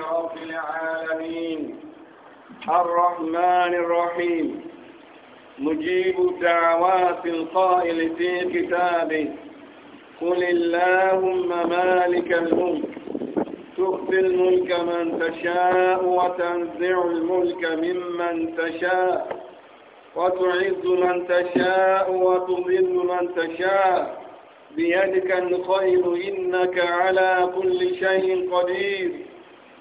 رب العالمين الرحمن الرحيم مجيب دعوات القائل في كتابه قل اللهم مالك الملك تؤتي الملك من تشاء وتنزع الملك ممن تشاء وتعز من تشاء وتضل من تشاء بيدك الخير إنك على كل شيء قدير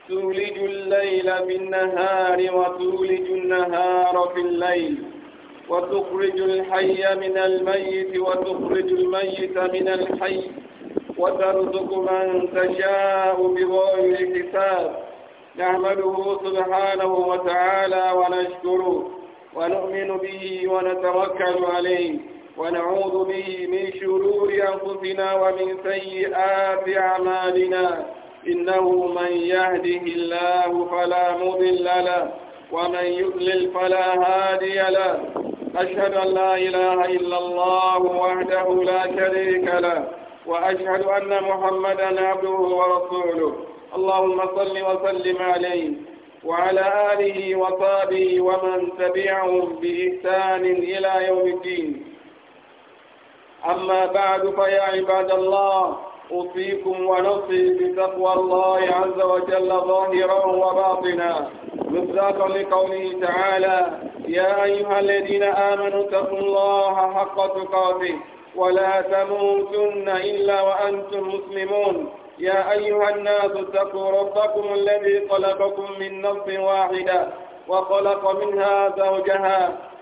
تولج الليل في النهار وتولج النهار في الليل وتخرج الحي من الميت وتخرج الميت من الحي وترزق من تشاء بغير حساب نحمده سبحانه وتعالى ونشكره ونؤمن به ونتوكل عليه ونعوذ به من شرور أنفسنا ومن سيئات أعمالنا إنه من يهده الله فلا مضل له ومن يضلل فلا هادي له أشهد أن لا إله إلا الله وحده لا شريك له وأشهد أن محمدا عبده ورسوله اللهم صل وسلم عليه وعلى آله وصحبه ومن تبعهم بإحسان إلى يوم الدين أما بعد فيا عباد الله أوصيكم ونصي بتقوى الله عز وجل ظاهرا وباطنا مصداقا لقوله تعالى يا أيها الذين آمنوا اتقوا الله حق تقاته ولا تموتن إلا وأنتم مسلمون يا أيها الناس اتقوا ربكم الذي خلقكم من نفس واحدة وخلق منها زوجها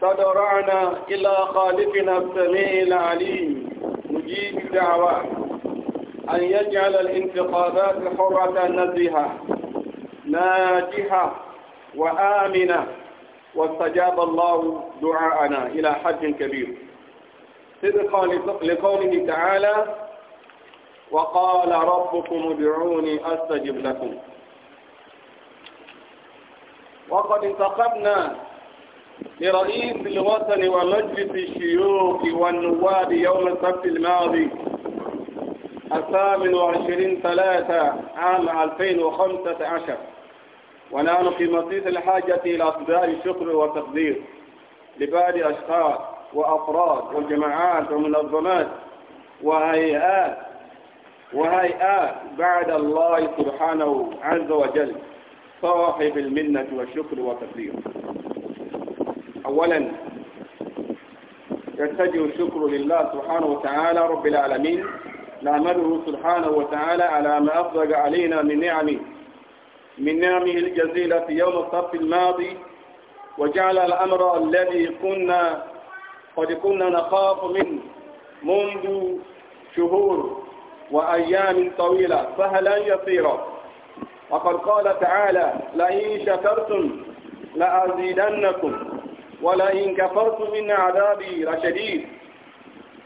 فدرعنا إلى خالقنا السميع العليم مجيب الدعوة أن يجعل الانتقادات حرة نزهة ناجحة وآمنة واستجاب الله دعاءنا إلى حد كبير صدقا لقوله تعالى وقال ربكم ادعوني أستجب لكم وقد انتقبنا لرئيس الوطن ومجلس الشيوخ والنواب يوم السبت الماضي الثامن وعشرين ثلاثة عام 2015 ونحن في مصيص الحاجة إلى أصداء الشكر والتقدير لبعض أشخاص وأفراد وجماعات ومنظمات وهيئات وهيئات بعد الله سبحانه عز وجل صاحب المنة والشكر والتقدير أولا يتجه الشكر لله سبحانه وتعالى رب العالمين نعمله سبحانه وتعالى على ما أفضل علينا من نعمه من نعمه الجزيلة في يوم الصف الماضي وجعل الأمر الذي كنا قد كنا نخاف منه منذ شهور وأيام طويلة فهلا يصير وقد قال تعالى لئن شكرتم لأزيدنكم ولئن كفرتم إن عذابي لشديد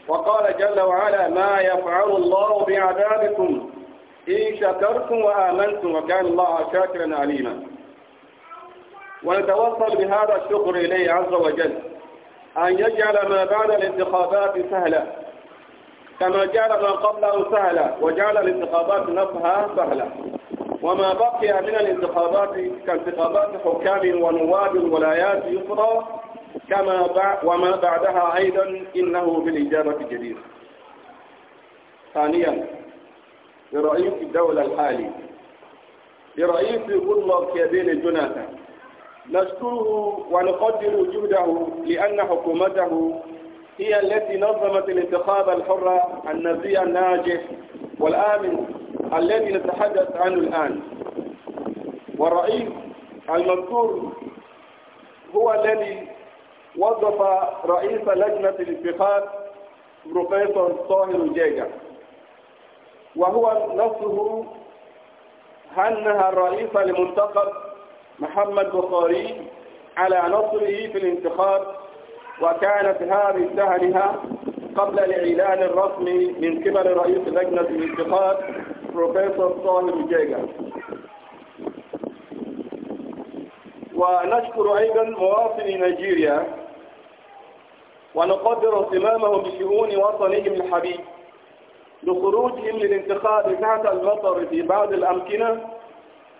وقال جل وعلا ما يفعل الله بعذابكم إن شكرتم وآمنتم وكان الله شاكرا عليما ونتوصل بهذا الشكر إليه عز وجل أن يجعل ما بعد الانتخابات سهلا كما جعل ما قبله سهلا وجعل الانتخابات نفسها سهلا وما بقي من الانتخابات كانتخابات حكام ونواب ولايات أخرى كما وما بعدها أيضا إنه بالإجابة جدير ثانيا لرئيس الدولة الحالي لرئيس غرلوك يدين جوناثان نشكره ونقدر جهده لأن حكومته هي التي نظمت الانتخاب الحر النزيه الناجح والآمن الذي نتحدث عنه الآن والرئيس المنصور هو الذي وظف رئيس لجنة الانتخاب بروفيسور طاهر جيجا وهو نفسه هنها الرئيس لمنتخب محمد بخاري على نصره في الانتخاب وكانت هذه سهلها قبل الإعلان الرسمي من قبل رئيس لجنة الانتخاب Professor Sahil Jega ونشكر أيضا مواطني نيجيريا ونقدر اهتمامهم بشؤون وطنهم الحبيب لخروجهم للانتخاب تحت المطر في بعض الأمكنة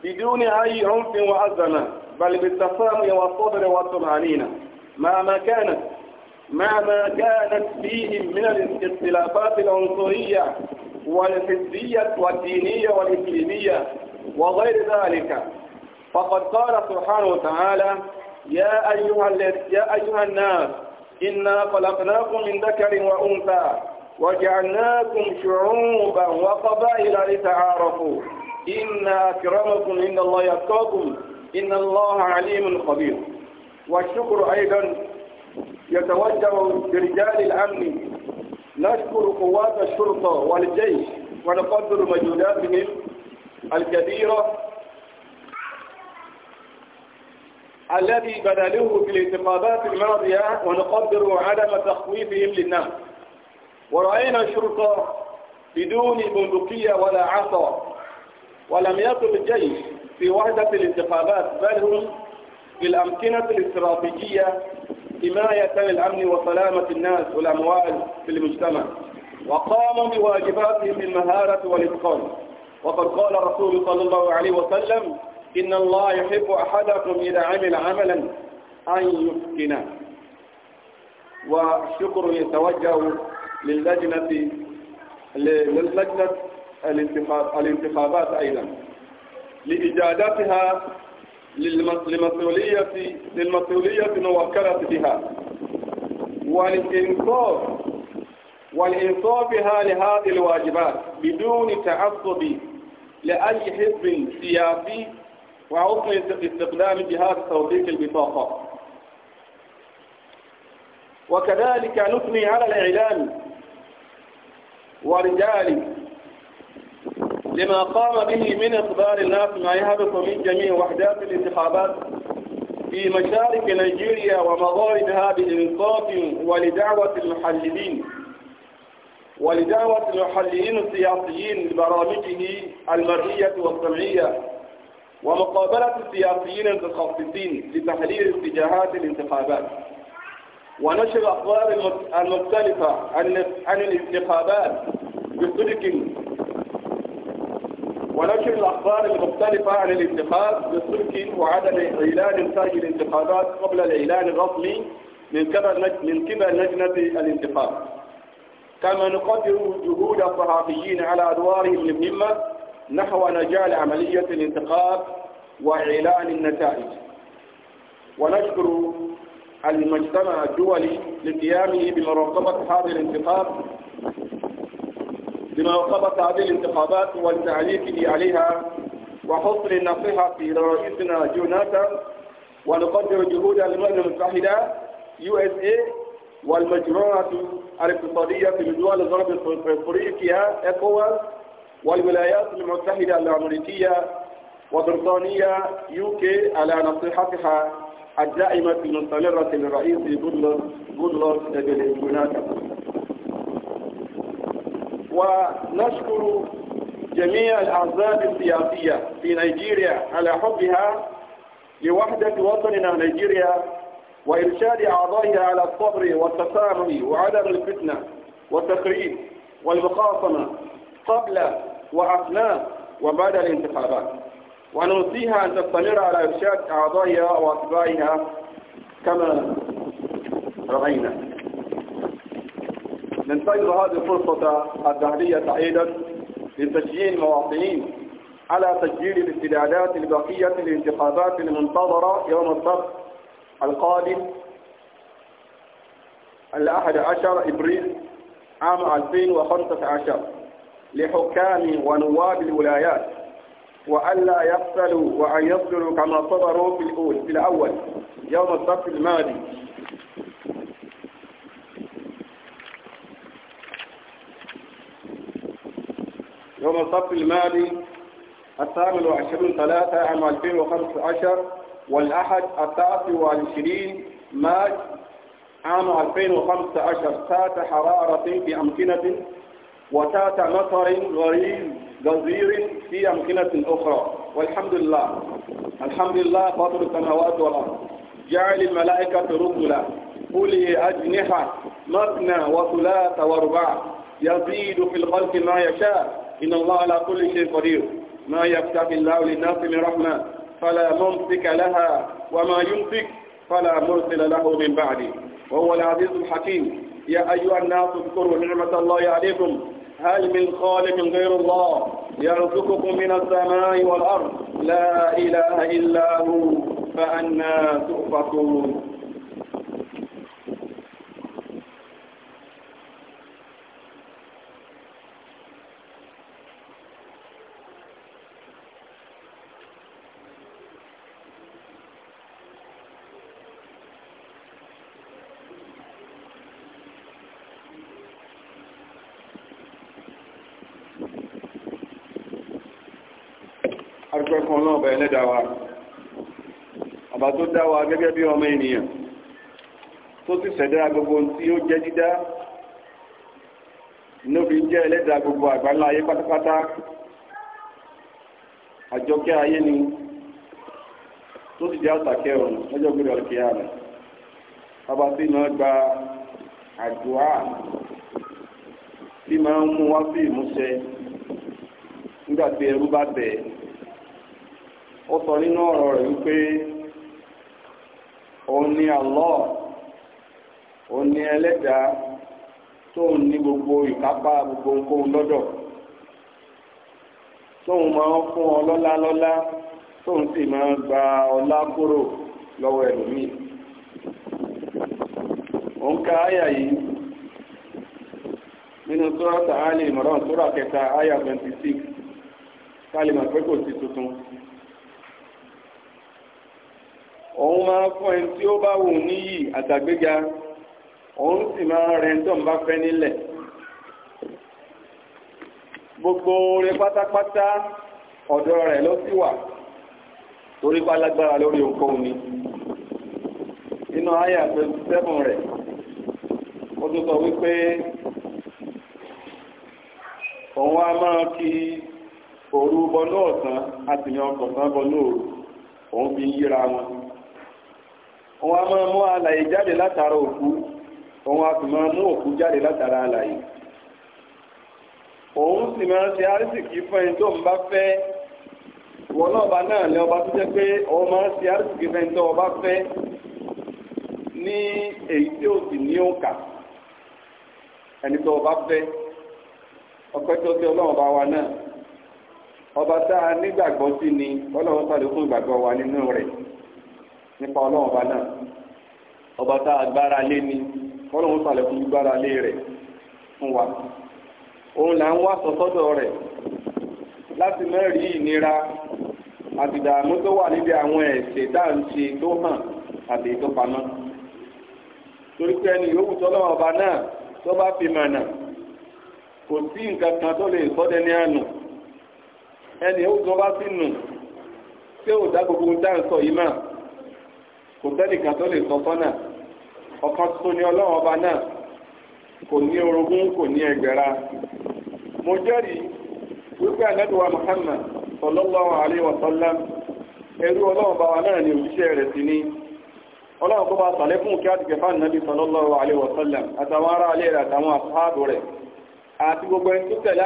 بدون أي عنف وأزمة بل بالتفاهم والصبر والطمأنينة مع ما كانت مع ما كانت فيهم من الاختلافات العنصرية والحزبية والدينية والإقليمية وغير ذلك فقد قال سبحانه وتعالى يا أيها, يا أيها الناس إنا خلقناكم من ذكر وأنثى وجعلناكم شعوبا وقبائل لتعارفوا إن أكرمكم إن الله يتقاكم إن الله عليم خبير والشكر أيضا يتوجه برجال الأمن نشكر قوات الشرطة والجيش ونقدر مجهوداتهم الكبيرة الذي بذلوه في الانتخابات الماضية ونقدر عدم تخويفهم للناس ورأينا الشرطة بدون بندقية ولا عصا ولم يقم الجيش في وحدة الانتخابات بل هم في الأمكنة الاستراتيجية حماية للأمن وسلامة الناس والأموال في المجتمع وقاموا بواجباتهم بالمهارة والإتقان وقد قال الرسول صلى الله عليه وسلم إن الله يحب أحدكم إذا عمل عملا أن يسكنه وشكر يتوجه للجنة للجنة الانتخابات أيضا لإجادتها للمسؤولية للمسؤولية الموكلة بها والإنصاف والإنصافها لهذه الواجبات بدون تعصب لأي حزب سياسي وعصم استخدام جهاز توثيق البطاقة وكذلك نثني على الإعلام ورجاله لما قام به من إقبال الناس ما يهبط من جميع وحدات الانتخابات في مشارق نيجيريا ومغاربها بإنصاف ولدعوة المحللين ولدعوة المحللين السياسيين لبرامجه المرئية والسمعية ومقابلة السياسيين المتخصصين لتحليل اتجاهات الانتخابات ونشر أخبار المختلفة عن الانتخابات بصدق ونشر الأخبار المختلفة عن الانتخاب بصدق وعدم إعلان نتائج الانتخابات قبل الإعلان الرسمي من قبل من قبل لجنة الانتخاب كما نقدر جهود الصحفيين على أدوارهم المهمة نحو نجاح عملية الانتخاب وإعلان النتائج ونشكر المجتمع الدولي لقيامه بمراقبة هذا الانتخاب لما ثبت هذه الانتخابات والتعليق عليها وحصر النصيحة في رئيسنا جوناثان ونقدر جهود الأمم المتحدة USA إيه والمجموعة الاقتصادية في دول الغرب أفريقيا ECOWAS والولايات المتحدة الأمريكية وبريطانيا UK على نصيحتها الدائمة المستمرة للرئيس جودلوك جوناثان ونشكر جميع الأحزاب السياسية في نيجيريا على حبها لوحدة وطننا نيجيريا وإرشاد أعضائها على الصبر والتسامح وعدم الفتنة والتخريب والمخاصمة قبل وأثناء وبعد الانتخابات ونوصيها أن تستمر على إرشاد أعضائها وأتباعها كما رأينا ننتقل هذه الفرصة الذهبية سعيدا لتسجيل المواطنين على تسجيل الاستعدادات البقية للانتخابات المنتظرة يوم السبت القادم الأحد عشر إبريل عام 2015 لحكام ونواب الولايات وألا يحصلوا وأن يصدروا كما صدروا في الأول يوم السبت الماضي ومن الصف المالي الثامن وعشرون ثلاثة عام 2015 والأحد التاسع والعشرين ماج عام 2015 تات حرارة في أمكنة وتات مطر غريب غزير في أمكنة أخرى والحمد لله الحمد لله فاطر السماوات والأرض جعل الملائكة رسلا أولي أجنحة مثنى وثلاث ورباع يزيد في الخلق ما يشاء إن الله على كل شيء قدير ما يفتح الله للناس من رحمة فلا ممسك لها وما يمسك فلا مرسل له من بعده وهو العزيز الحكيم يا أيها الناس اذكروا نعمة الله عليكم هل من خالق غير الله يرزقكم من السماء والأرض لا إله إلا هو فأنا تؤفكون arúgbó kan náà bẹ̀rẹ̀ lẹ́dàá wa ọba tó dá gẹ́gẹ́ bí ọmọ ti gbogbo tí ó jẹ́ dídá níbi jẹ́ gbogbo àgbáńlá ayé pátápátá àjọkẹ́ ayé ni tó sì jẹ́ àtàkẹ́ ọ̀run lọ́jọ́ gbé kí á rẹ̀ gba ó sọ nínú ọ̀rọ̀ rẹ̀ wípé ní àlọ́ Allah òun ni ẹlẹ́dàá tóun ní gbogbo ìkápá gbogbo nǹkan lọ́dọ̀ tóun máa ń fún ọ lọ́lá lọ́lá tóun sì máa ń gba ọlá kúrò lọ́wọ́ ẹlòmíì òun ka àyà yìí nínú sóràtà Ali Imran sórà kẹta àyà 26, six kálí màpẹ́ sí tuntun. òun máa fún ẹni tí ó bá wù níyì àtàgbéga òun sì máa rẹ̀ ń tọ́ ń bá fẹ́ nílẹ̀ gbogbo oore pátápátá ọ̀dọ̀ rẹ̀ ló sì wà torí pa lórí ohunkóhun ni nínú àyà twenty seven rẹ̀ ó tún sọ wípé òun á máa fi òru bọnú ọ̀sán àtìyàn kọ̀ọ̀kan bọnú òru òun fi yíra wọn òun a máa mú alàyè jáde látara òkú òun a sì máa mú òkú jáde látara alàyè òun sì máa ṣe àrísìkí fún ẹni tó ń bá fẹ́ wọn náà ọba náà lẹ ọba tó jẹ́ pé òun máa ṣe àrísìkí fún ẹni tó ọba fẹ́ ní èyí tí ó sì ní òǹkà ẹni tó ọba fẹ́ ọpẹ́ tó tẹ Ọlọ́run bá wa náà ọba tá a nígbàgbọ́ sí ni Ọlọ́run sáré fún ìgbàgbọ́ wa nínú rẹ̀. nípa ọlọ́run ọba náà ọba tá a gbára lé ni kọ́lọ́run sàlẹ̀kùn gbára lé rẹ̀ fún wa òun là ń wá sọ́sọ́dọ̀ rẹ̀ láti mẹ́rin ìnira àti ìdààmú tó wà níbi àwọn ẹ̀ṣẹ̀ tá à ń ṣe tó hàn àti tó pamọ́ torí pé ẹni yòówù tọ́lọ́run ọba náà tó bá fi mọ̀nà kò sí nǹkan kan tó lè sọ́dẹ ní àná ẹni yòówù tó bá sí nù tí ò dá gbogbo ń dá yìí máa kò sẹ́nìkan tó lè sọ sọ́nà ọ̀kan tó ní ọlọ́run ọba náà kò ní orogún kò ní ẹgbẹ̀ra mo jẹ́rìí wípé ànẹ́dùwà Muhammad sallallahu alaihi wa sallam ẹrú ọlọ́run bá wa náà ni òjíṣẹ́ rẹ̀ sí ní ọlọ́run kó bá sàlékún kí á ti kẹfà nàbí sallallahu alaihi wa sallam àtàwọn ará alẹ́ rẹ̀ àtàwọn àfáàbò rẹ̀ àti gbogbo ẹni tó tẹ̀lé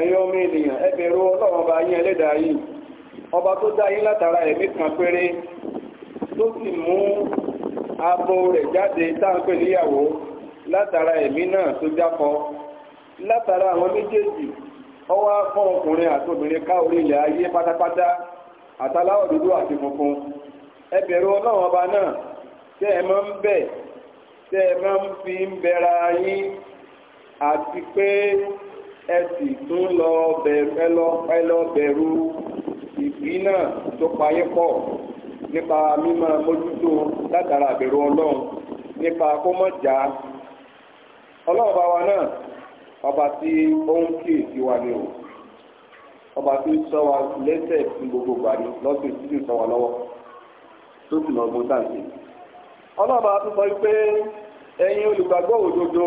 ẹ̀yin ọmọ ènìyàn ẹ bẹ̀rù ọlọ́run ọba yín ẹlẹ́dàá yìí ọba tó dá látara ẹ̀mí kan péré tó sì mú abo rẹ̀ jáde táǹpẹ̀ níyàwó látara ẹ̀mí náà tó látara àwọn méjèèjì ọwọ́ fún ọkùnrin ilẹ̀ ayé pátápátá àtàláwọ̀ dúdú àti funfun náà tẹ́ ẹ máa ń bẹ̀ ẹ sì tún lọ bẹ̀rù ẹ lọ bẹ̀rù ìbí náà tó payé pọ̀ nípa mímọ mójútó látara àbẹ̀rù ọlọ́run nípa kó mọ̀ já ọlọ́run bá wa náà ọba tí ó ń kì í wa ni o ọba tí ń sọ wa lẹ́sẹ̀ ní gbogbo gbàdí lọ́sùn tí ń sọ wa lọ́wọ́ tó sì lọ́gbọ́n sáǹtì ọlọ́run bá wa tún sọ pé ẹ̀yin olùgbàgbọ́ òdodo.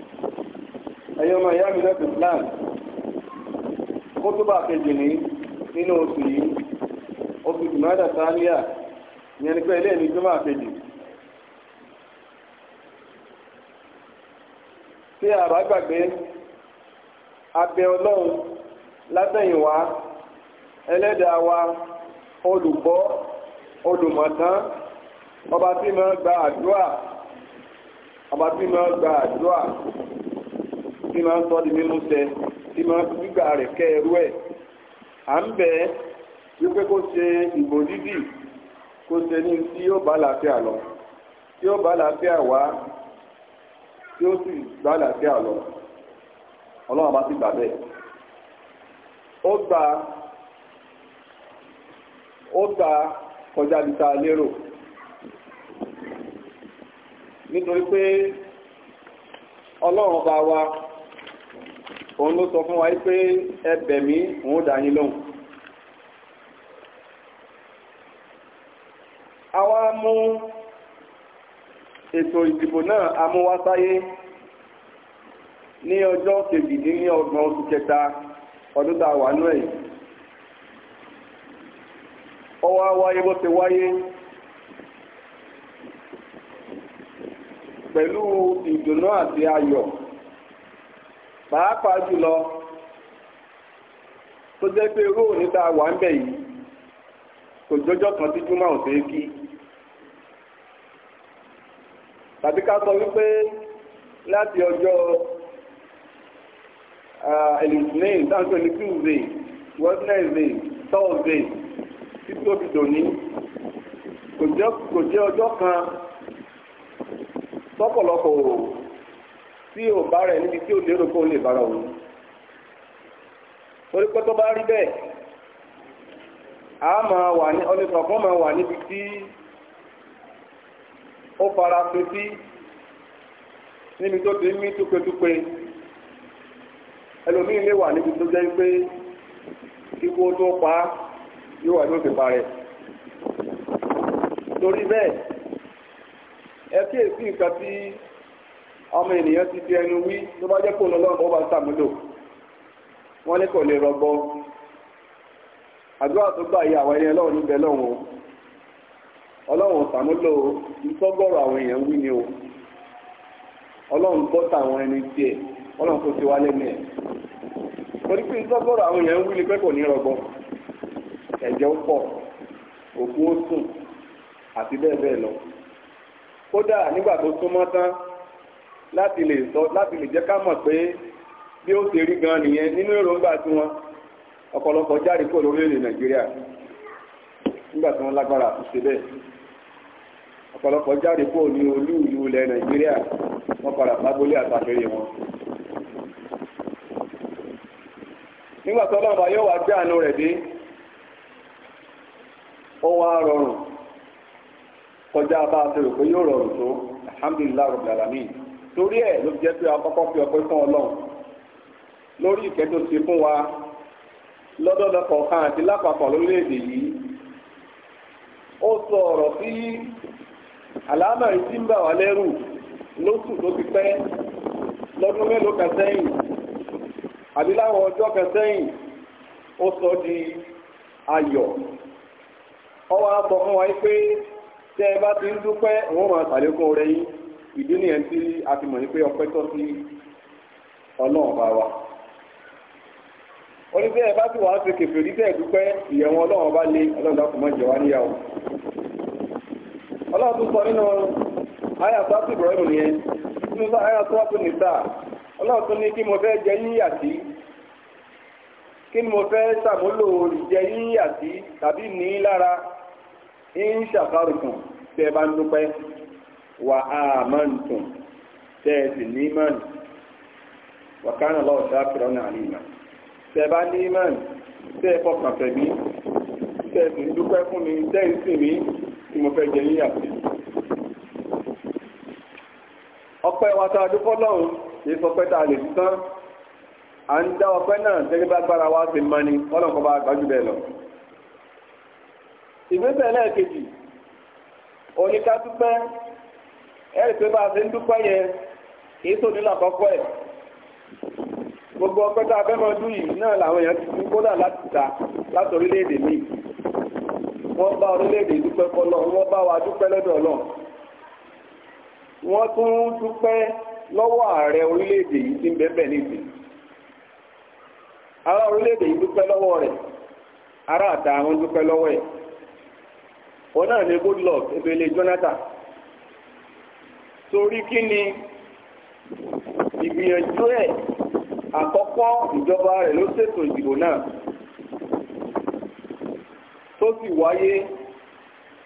ẹ̀yọ́ ọmọ ìyá mi lẹ́kùn Islam kó tó bá kejì ní nínú oṣù yìí oṣù jùmọ́dà sáníyà ìyẹn ni pé ilé ìní jùmọ́ àkejì tí àbá gbàgbé abẹ ọlọ́run látẹ̀yìnwá ẹlẹ́dàá wa olùkọ́ olùmọ̀tán ọba tí máa gba àdúrà ọba tí ma gba àdúrà tí máa sọ di mímú ṣẹ tí máa gbígbà rẹ̀ kẹ́ ẹrú ẹ̀ à ń bẹ̀ ẹ́ wípé kó ṣe ìbò dídì kó ṣe ní tí bá làáfíà lọ tí bá làáfíà wá tí ó sì bá lọ ọlọ́run bá ti gbà bẹ́ẹ̀ ó gba nítorí pé ọlọ́run bá wa òun ló sọ fún wa pé ẹ bẹ̀ mí òun ó dá yín lóhùn. àwa mú ètò ìdìbò náà amúwásáyé ní ọjọ́ kejìdínlọ́gbọ̀n oṣù kẹta ọdún tá wà nú ẹ̀yìn ọwọ́ wáyé bó ti wáyé pẹ̀lú ìdùnnú àti ayọ̀ pàápàá jùlọ tó jẹ́ pé irú òní tá a wà ń bẹ̀ yìí kò jọjọ́ kan tí júmọ̀ ò fẹ́ kí tàbí ká sọ wípé láti ọjọ́ ẹlẹ́sìn sáńtò ní tuesday wednesday thursday títí ó fi dòní kò jẹ́ ọjọ́ kan. tọ́pọ̀lọpọ̀ o tí ò bá rẹ̀ níbi tí ò lérò kó lè bára òun torí tó bá rí bẹ́ẹ̀ a máa wà ní ọlẹ́kọ̀ọ́kan máa wà níbi tí ó fara pé níbi tó ti mí túpetúpe wà níbi tó jẹ́ ẹ kíyèsí nǹkan tí ọmọ ènìyàn ti fi ẹnu wí tó bá jẹ́ kó lọ lọ́rùn ó sàmúlò wọ́n ní kò lè rọgbọ àdúrà tó gbà yí àwọn ẹni ọlọ́run níbẹ̀ lọ́wọ́ ọlọ́run sàmúlò ìtọ́gọ́rọ̀ àwọn èèyàn wí ni o ọlọ́run gbọ́ tàwọn ẹni tiẹ̀ ọlọ́run kò ti wá lẹ́nu ẹ̀ torí pé ìtọ́gọ́rọ̀ àwọn èèyàn wí ni pé kò ní lọ. kódà nígbà tó súnmọ́ tán láti lè sọ láti lè jẹ́ ká mọ̀ pé bí ó ṣe rí gan nìyẹn nínú èròǹgbà tí wọn ọ̀pọ̀lọpọ̀ jáde kó lórílẹ̀-èdè nàìjíríà nígbà tí wọ́n lágbára àtúnṣe bẹ́ẹ̀ ọ̀pọ̀lọpọ̀ kó ní olú ìlú ilẹ̀ nàìjíríà wọ́n padà wọn. nígbà tí ọlọ́run bá yóò wá rọrùn kọjá bá a ṣe rò pé yóò rọrùn tó alhamdulilayi rabbil alamin torí ẹ̀ ló jẹ́ pé akọ́kọ́ fi ọpẹ́ fún ọlọ́run lórí ìkẹ́jọ́ ti fún wa lọ́dọọdọ kọ̀ọ̀kan àti lápapọ̀ lórílẹ̀‐èdè yìí ó sọ ọ̀rọ̀ sí àlámà ìdí ń bà wá lẹ́rù lóṣù tó ti pẹ́ lọ́dún mélòó kan sẹ́yìn àbí láwọn ọjọ́ kan sẹ́yìn ó sọ di ayọ̀ ọwọ́ àtọ̀ fún wa pé tẹ́ bá ti ń dúpẹ́ wọ́n máa ṣàlékún rẹ yín ìdí nìyẹn tí a fi mọ̀ ní pé ọpẹ́ tọ́ sí ọlọ́run bá wa oníṣẹ́ bá wàá bá lé ọlọ́run dákun mọ́ sọ nínú àti ìbọ̀rẹ́mù nínú àti nìta ọlọ́run ní kí mo fẹ́ jẹ yín kí mo fẹ́ ṣàmúlò ìjẹ yín tàbí ní lára tẹ́ ẹ bá ń dúpẹ́ wà á máa ń tún tẹ́ ẹ sì ní mọ́n wà kánà lọ́wọ́ sí àkìrọ̀ náà ní ìmọ̀ tẹ́ ẹ bá ní mọ́n tẹ́ ẹ fọkàn fẹ́ mi tẹ́ ẹ sì ń dúpẹ́ fún mi tẹ́ ẹ sì mí tí mo fẹ́ jẹ níyà sí. ọpẹ́ wa tá a dúpọ́ lọ́hùn kì í sọ pé tá a lè fi tán à ń dá ọpẹ́ náà gẹ́gẹ́ bá gbára wa ti mọ ni ọlọ́nkọ́ bá gbájú bẹ́ẹ̀ lọ. ìgbésẹ̀ lẹ́ẹ̀kejì onye dúpẹ́ ẹ̀rí pé ya a ṣe ń dúpẹ́ gbogbo ọpẹ́ tá a la máa dún ti kú kódà láti láti orílẹ̀-èdè mi wọ́n bá orílẹ̀-èdè dúpẹ́ kọ́lọ́ wọ́n bá wa dúpẹ́ lọ́dọ̀ náà wọ́n tún dúpẹ́ lọ́wọ́ ààrẹ orílẹ̀-èdè yìí ti ń bẹ́ẹ̀ níbi orílẹ̀-èdè yìí dúpẹ́ lọ́wọ́ rẹ̀ òun náà ni Goodluck ebele Jonathan torí kí ni ìgbìyànjú ẹ̀ àkọ́kọ́ ìjọba rẹ̀ ló ṣètò ìdìbò náà tó sì wáyé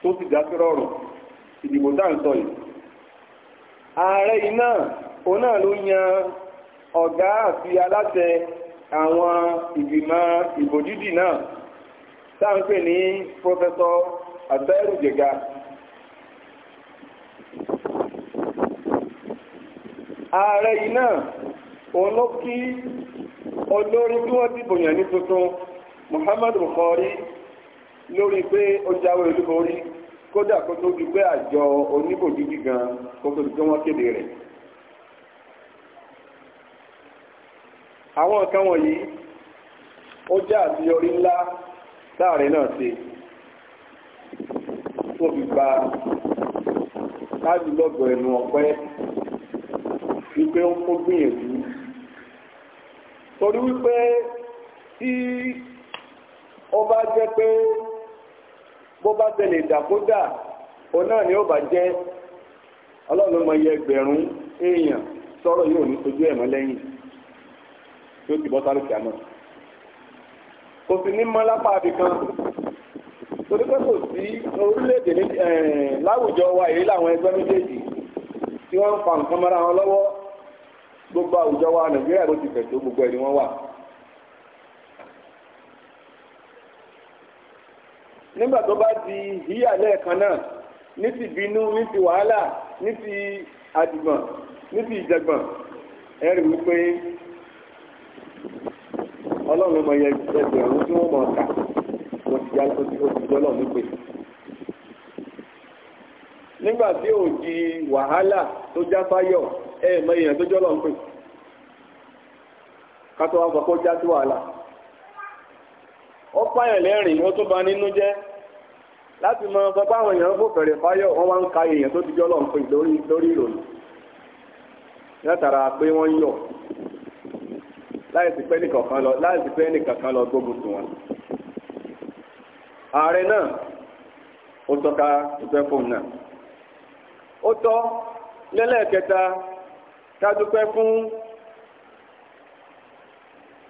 tó sì dá sí rọrùn ìdìbò tá à ń sọ yìí ààrẹ yìí òun náà ló yan ọ̀gá àti aláṣẹ àwọn ìgbìmọ̀ ìbòdídì náà tá à ń pè ní Professor àtẹ́rù jẹ̀ga ààrẹ yìí náà òun ló kí olórí tí wọ́n dìbò yàn ní tuntun Muhammadu Buhari lórí pé ó jáwé olúborí kódà kó tó di pé àjọ oníbòjújì gan kó tó di pé wọ́n kéde rẹ̀ àwọn nǹkan wọ̀nyí ó jẹ́ àṣeyọrí ńlá láàrin náà ṣe tó fi gba káàdùlọ́gbọ̀ ẹnu ọ̀pẹ́ wípé ó kó gbìyànjú torí wípé tí ó bá jẹ́ pé bó bá tẹ̀lé ìdàkódà òun náà ni ó bá jẹ́ ọlọ́run mọ ẹgbẹ̀rún èèyàn sọ̀rọ̀ yóò ní sojú ẹ̀mọ́ lẹ́yìn tí ó ti bọ́ sálùkì àná kò sì ní mọ́ lápá abìkan torí pé kò sí orílẹ̀-èdè láwùjọ wa èyí làwọn ẹgbẹ́ méjèèjì tí wọ́n ń fa nǹkan mọ́ra wọn lọ́wọ́ gbogbo àwùjọ wa nàìjíríà ló ti fẹ̀tọ́ gbogbo ẹni wọ́n wà. nígbà tó bá di híyà lẹ́ẹ̀kan náà ní ti bínú ní ti wàhálà ní ti àdìgbọ̀n ní ti ìjàgbọ̀n ẹ rí wípé ọlọ́run mọ̀ yẹ ẹgbẹ̀rún tí wọ́n mọ̀ ọ́ já tó ti ti nípe. nígbà tí ò di wàhálà tó já fáyọ ẹ̀ mọ èèyàn tó jọ́lọ̀ ń pè ká wá sọ ó já sí wàhálà ó pààyàn lẹ́rìn ba nínú jẹ́ láti mọ sọ pé èèyàn kò fẹ̀rẹ̀ fáyọ wọ́n wá ń ka èèyàn tó ti jọ́lọ̀ pè lórí ìròyìn ààrẹ náà ó tọ́ka dúpẹ́ fóun náà ó tọ́ lẹ́lẹ́kẹta ká dúpẹ́ fún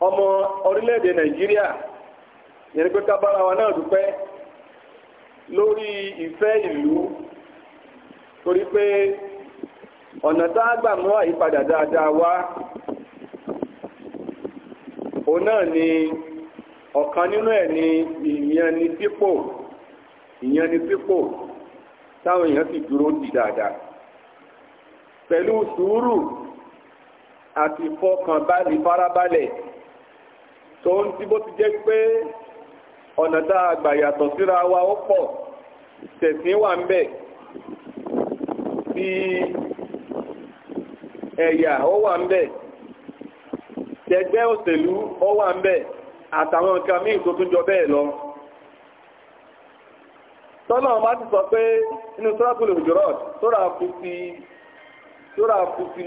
ọmọ orílẹ̀-èdè nigeria yẹn pé ká wa náà dúpẹ́ lórí ìfẹ́ ìlú torí pé ọ̀nà tá a gbà mú àyípadà dáadáa wá òun náà ni. ọ̀kan nínú ẹ̀ ni ìyanipípò ìyanipípò táwọn èèyàn sì dúró dì dáadáa pẹ̀lú sùúrù àti fọkànbalẹ̀ farabalẹ̀ tó ń tí bó ti jẹ́ pé ọ̀nà tá a gbà yàtọ̀ síra wa ó pọ̀ tẹ̀sìn wà ń bẹ̀ tí ẹ̀yà ó wà ń bẹ̀ tẹgbẹ́ òṣèlú ó wà ń bẹ̀ àtàwọn nǹkan míì tó tún jọ bẹ́ẹ̀ lọ tọ́lọ́run bá ti sọ pé inú sọ́rọ́pùlù Hujurat sura fifty sura fifty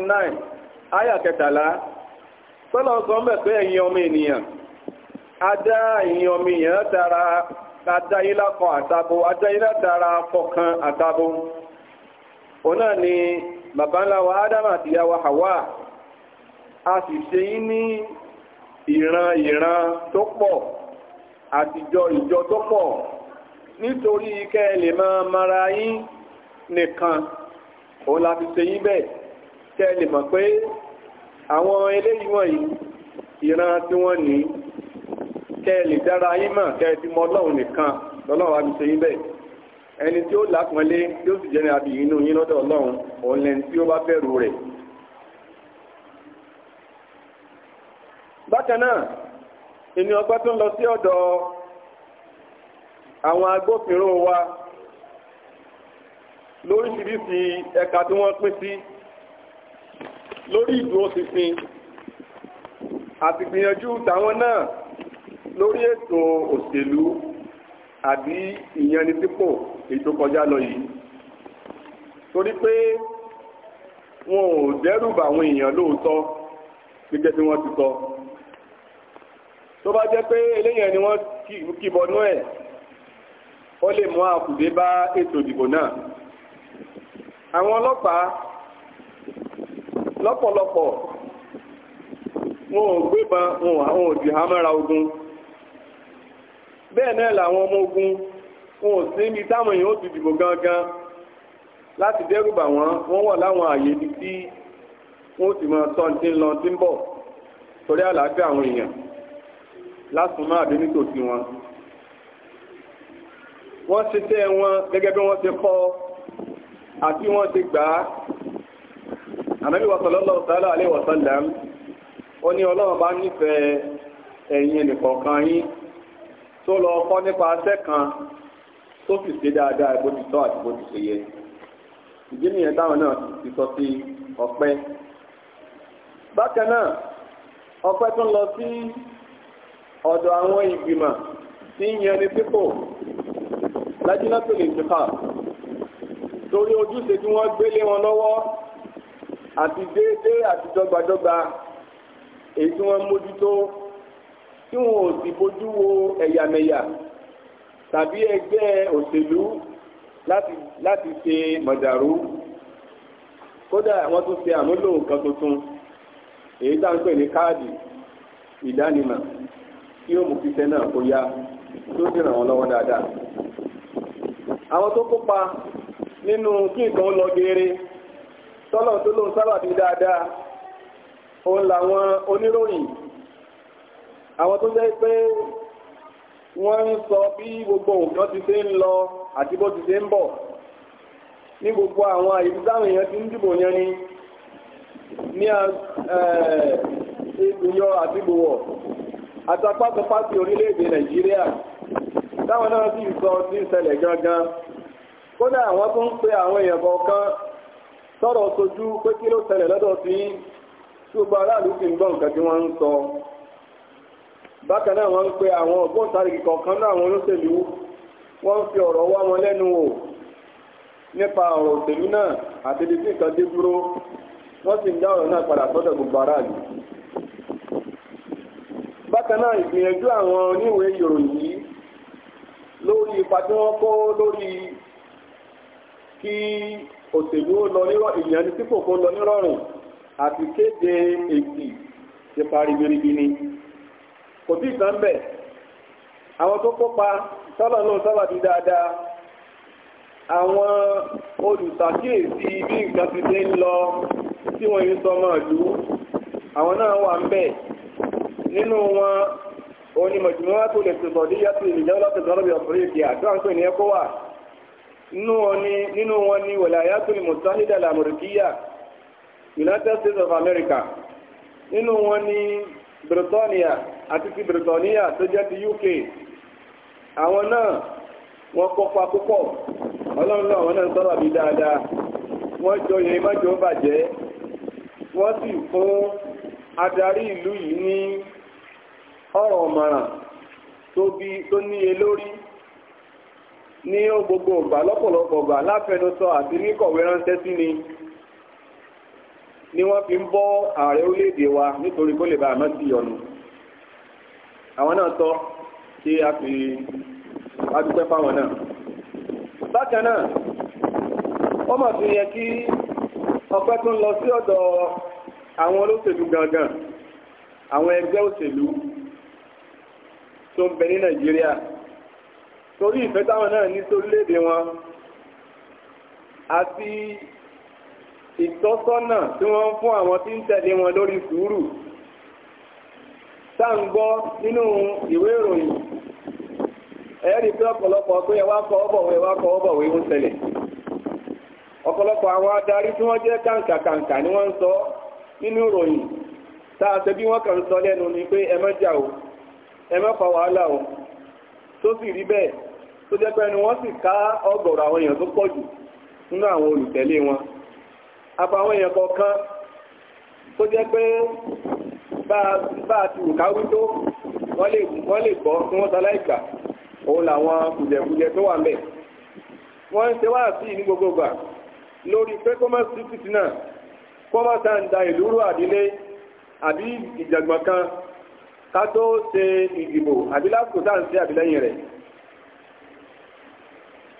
nine àti kẹtàlá tọ́lọ́run sọ mẹ́ pé ẹ̀yin ọmọ ènìyàn a dá ọmọ ènìyàn tara adáyílá kan àtabo adáyílá tara fọkàn ni bàbá ńlá wa a sì ṣe yín ní ìran ìran tó pọ̀ àtijọ ìjọ tó pọ̀ nítorí kẹ́ ẹ lè máa mara yín nìkan òun la fi ṣe yín bẹ́ẹ̀ kẹ́ ẹ lè mọ̀ pé àwọn eléyìí wọ̀nyí ìran tí wọ́n ní kẹ́ ẹ lè dára yín mọ̀ kẹ́ ti mọ ọlọ́run nìkan lọ́lọ́run wa fi ṣe yín bẹ́ẹ̀ ẹni tí ó lápọ̀nlé tí ó sì jẹ́ ní abìyí inú yín lọ́dọ̀ ọlọ́run òun lẹ́ni tí ó bá bẹ̀rù rẹ̀ bákan náà ìní ọgbẹ́ tó ń lọ sí ọ̀dọ̀ àwọn agbófinró wa lóríṣiríṣi ẹ̀ka tí wọ́n pín sí lórí ìdúró ṣinṣin àti gbìyànjú tàwọn náà lórí ètò òṣèlú àbí ìyanisípò èyí tó kọjá lọ yìí torí pé wọn ò dẹ́rù bà èèyàn lóòótọ́ gẹ́gẹ́ bí wọ́n ti sọ tó bá jẹ́ pé eléyàn ni wọ́n kìbọnú ẹ̀ ó lè mú àkùdé bá ètò ìdìbò náà àwọn ọlọ́pàá lọ́pọ̀lọpọ̀ wọn ò gbébọn wọn àwọn òdì hámọ́ra ogun bẹ́ẹ̀ náà làwọn ọmọ ogun wọn ò sí ibi táwọn èèyàn ó ti dìbò gangan láti dẹ́rùbà wọn wọ́n wà láwọn àyè ibi tí wọ́n ti mọ tọ́ntínlọ́ntínbọ̀ torí àlàáfíà àwọn èèyàn lásùnmọ́ àbí nítòsí wọn wọ́n ṣe tẹ́ wọn gẹ́gẹ́ bí wọ́n ṣe kọ́ àti wọ́n ṣe gbà á ànábì sallallahu ta'ala alaihi wa sallam ó ní ọlọ́run bá nífẹ̀ẹ́ ẹ̀yin ẹnìkọ̀ọ̀kan yín tó lọ kọ́ nípa aṣẹ́ kan tó sì ṣe dáadáa bó ti tọ́ àti bó ti ṣe yẹ ìdí nìyẹn táwọn náà ti sọ sí ọpẹ́ bákan náà ọpẹ́ tún lọ sí ọ̀dọ̀ àwọn ìgbìmọ̀ tí ń yẹni sípò lájínátò lè tìfà torí ojúṣe tí wọ́n gbélé wọn lọ́wọ́ àti déédéé àti dọ́gbadọ́gba èyí tí wọ́n mójútó tí wọn ò sì bójú wo ẹ̀yàmẹ̀yà tàbí ẹgbẹ́ òṣèlú láti ṣe mọ̀dàrú kódà wọ́n tún ṣe àmúlò nǹkan tuntun èyí tá ń pè ní káàdì ìdánimọ̀ ki ó mú fífẹ́ náà kó yá tó sì ràn wọ́n lọ́wọ́ dáadáa. àwọn tó kópa nínú kí nǹkan lọ geere tọ́lọ̀ tó lóun sábàbí dáadáa òun làwọn oníròyìn àwọn tó jẹ́ pé wọ́n ń sọ bí gbogbo nǹkan ti ṣe ń lọ àti bó ti ṣe ń bọ̀ ní gbogbo àwọn àyíkú táwọn ti ni ní àti gbòwọ̀ àtàpákan pátì orílẹ̀-èdè nàìjíríà táwọn náà sì sọ sí ìṣẹ̀lẹ̀ gangan kódà àwọn tó ń pe àwọn èèyàn kọ̀ọ̀kan sọ̀rọ̀ sojú pé kí ló ṣẹlẹ̀ lọ́dọ̀ sí tí gbogbo fi ń gbọ́ nǹkan tí wọ́n ń sọ bákan náà wọ́n ń pe àwọn ògbóǹtarìgì kọ̀ọ̀kan náà àwọn olóṣèlú wọ́n ń fi ọ̀rọ̀ wá wọn lẹ́nu wò nípa ọ̀rọ̀ òṣèlú náà àti bákan náà ìgbìyànjú àwọn oníwèé ìròyìn yìí lórí ipa tí wọ́n kó lórí kí òṣèlú lọ nírọ̀ ìyànnísípò kó lọ nírọ̀rùn àti kéde èsì ti parí biribiri kò sí ìtàn bẹ̀ àwọn tó kópa sọ́lọ̀ náà sábà di dáadáa àwọn olùṣàkíyèsí bí nǹkan ti dé ń lọ tí wọ́n yìí sọmọ́ ìlú àwọn náà wà ń bẹ̀ nínú wọn òní mọ̀jùmọ́wá tó lè sọ̀tọ̀ díyà tó lè jẹ́ bí nínú wọn ni United States of America nínú wọn ni Britania àti ti Britania tó jẹ́ ti UK àwọn náà wọ́n kópa púpọ̀ náà bí dáadáa wọ́n jọ bàjẹ́ wọ́n sì fún adarí ìlú yìí ní ọ̀rọ̀ ọ̀mọ̀ràn tó níye lórí ní gbogbo ọgbà lọ́pọ̀lọpọ̀ ọgbà láfẹnusọ àti ni ni wọ́n fi ń bọ́ ààrẹ orílẹ̀ wa nítorí kó lè bá àmọ́ sí ọ̀nà àwọn náà sọ kí a fi adúpẹ́ fáwọn náà bákan náà mọ̀ sí kí ọpẹ́ tún lọ sí ọ̀dọ̀ gangan àwọn ẹgbẹ́ òṣèlú tó ń bẹ ní nàìjíríà torí ìfẹ́ táwọn náà ní sórílẹ̀-èdè wọn àti ìtọ́sọ́nà tí wọ́n fún àwọn tí ń tẹ̀lé wọn lórí sùúrù tá ń gbọ́ nínú ìwé ìròyìn ẹ̀rí pé ọ̀pọ̀lọpọ̀ pé ẹwà kọ ọ́bọ̀wé ẹwà kọ ọ́bọ̀wé ń ṣẹlẹ̀ ọ̀pọ̀lọpọ̀ àwọn adarí tí wọ́n jẹ́ kàǹkà kàǹkà ni wọ́n ń sọ nínú ìròyìn tá a bí wọ́n kàn ń sọ lẹ́nu ni pé ẹ má o ẹ má ala wàhálà o tó sì rí bẹ́ẹ̀ tó jẹ́ wọ́n sì ká ọgọ̀rọ̀ àwọn èèyàn tó nínú wọn àfàwọn èèyàn kọ̀ọ̀kan tó jẹ́ pé bá a ti rùká wító wọ́n lè gbọ́ tí wọ́n sáláìkà òun làwọn kùjẹ̀kùjẹ tó wà mẹ́ wọ́n ń ṣe wá sí ní gbogbogbà lórí pé kọ́mọ̀ sí títí náà kọ́mọ̀ sáà ń da ìlú rú àdílé àbí ìjàgbọ̀n kan ká se ṣe ìdìbò àbí lásìkò tá à ń ṣe àbílẹ́yìn rẹ̀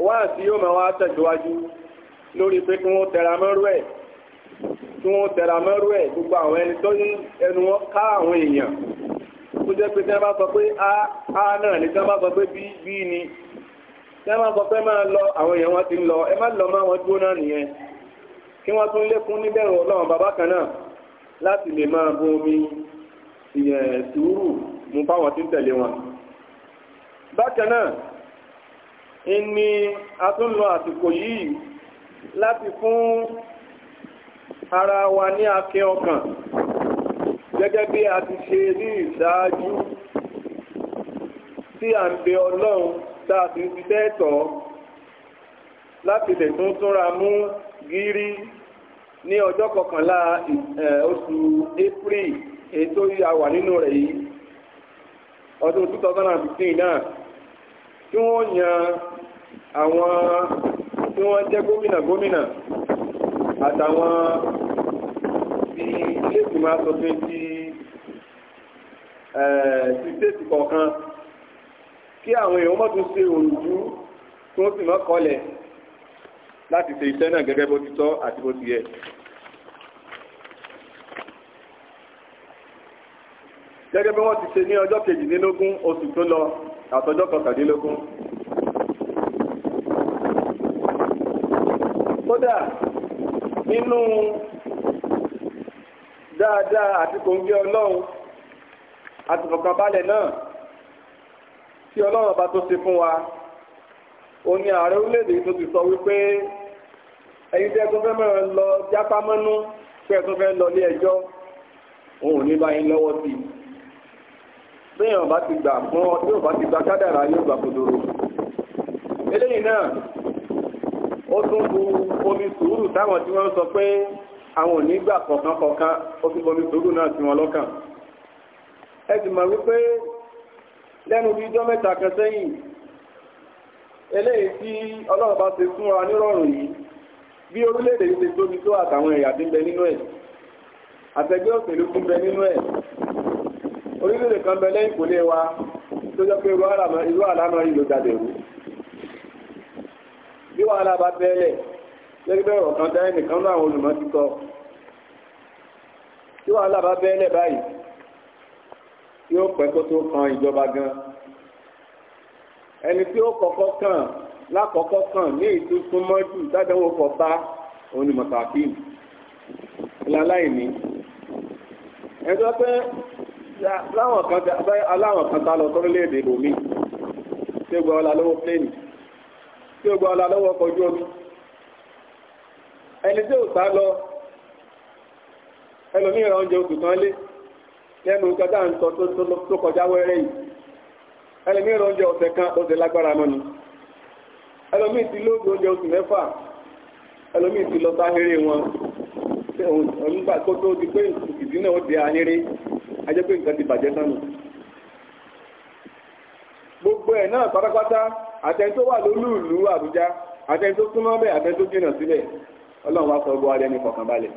wá sí yóò máa wá tẹ̀síwájú lórí pé kí wọ́n tẹra mọ́rú ẹ̀ kí wọ́n tẹra mọ́rú ẹ̀ gbogbo àwọn ẹni tó ní ẹnu wọn ká àwọn èèyàn tó jẹ́ pé tẹ́ bá sọ pé a a náà ni tẹ́ bá sọ pé b b ni tẹ́ bá sọ pé máa lọ àwọn èèyàn wọn ti ń lọ ẹ má lọ máa wọn dúró náà nìyẹn kí wọ́n tún lékún níbẹ̀rù ọlọ́run bàbá kan náà láti lè máa bu omi sùúrù mú fáwọn tí ń tẹ̀lé wọn bákan náà ìní atúnlọ àsìkò yìí láti fún ara wa ní akẹ́ ọkàn gẹ́gẹ́ bí a ti ṣe ní ìṣáájú tí a ń bẹ ọlọ́run tá a ti ń ṣiṣẹ́ ẹ̀tọ́ láti lè tún túnra mú gírí ní ọjọ́ kọkànlá oṣù April èyí tó yà wà nínú rẹ̀ yìí ọdún 2015 náà tí wọ́n yan àwọn tí wọ́n jẹ́ gómìnà gómìnà àtàwọn bí ilé ìgbìmọ̀ asòfin ti ti stéètì kọ̀ọ̀kan kí àwọn èèyàn mọ́ tún ṣe òrùjú tí wọ́n sì mọ́ kọlẹ̀ láti ṣe iṣẹ́ náà gẹ́gẹ́ bó ti tọ́ àti bó ti yẹ. gẹ́gẹ́ bí wọ́n ti ṣe ní ọjọ́ kejìdínlógún oṣù tó lọ àtọjọ́ kọkàndínlógún kódà nínú dáadáa àti kòǹgẹ́ ọlọ́run àti fọ̀kànbalẹ̀ náà tí ọlọ́run ọba tó ṣe fún wa ó ní ààrẹ orílẹ̀-èdè tó ti sọ wípé ẹ̀yin tí ẹ̀tún fẹ́ mẹ́rin lọ jápámọ́nú pé ẹ̀tún fẹ́ lọ ilé ẹjọ́ òun ò ní bá lọ́wọ́ sí i bíyàn bá ti gbà fún yóò bá ti gbà kádàrà yóò gbà eléyìí náà ó tún bu omi sùúrù táwọn tí wọ́n sọ pé àwọn onígbà omi sùúrù náà sí wọn lọ́kàn ẹ sì mọ̀ wípé lẹ́nu bí ijọ́ mẹ́ta kan sẹ́yìn eléyìí tí ọlọ́run bá ṣe fún wa nírọ̀rùn yìí bí orílẹ̀-èdè yìí ṣe tóbi tó àtàwọn ẹ̀yà tí ń bẹ orílẹ̀-èdè kan bẹ lẹ́yìn kò lé wa tó jẹ́ pé irú àlámà yìí ló jáde rú bí wàhálà bá bẹ́ẹ̀lẹ̀ lẹ́gbẹ́ ọ̀rọ̀ kan dá ẹnìkan náà àwọn olùmọ̀ ti sọ tí wàhálà bá bẹ́ẹ̀lẹ̀ báyìí yóò pẹ́ kó tó kan ìjọba gan ẹni tí ó kọ́kọ́ aláwọn kan kanta lọ èdè bòmí tí ó gba ọlá lọ́wọ́ pléènì tí ó gba ọlá lọ́wọ́ kọjú omi ẹni tí ó lọ ẹlòmíràn oúnjẹ oṣù kan lé lẹ́nu nǹkan ń sọ tó kọjá wẹ́rẹ́ yìí oúnjẹ ọ̀sẹ̀ kan ó ti lágbára mọ́ni ẹlòmíì ti lóògùn oúnjẹ oṣù mẹ́fà ti lọ sáhéré wọn òun gbà tó pé ajẹ́ pé nǹkan ti bàjẹ́ sánú gbogbo ẹ̀ náà pátápátá àtẹni tó wà lólùlú Àbújá àtẹni tó súnmọ́ bẹ́ẹ̀ àtẹni tó jìnà sílẹ̀ Ọlọ́run wá sọ ọgbọ́n alẹ́ ní fọkànbalẹ̀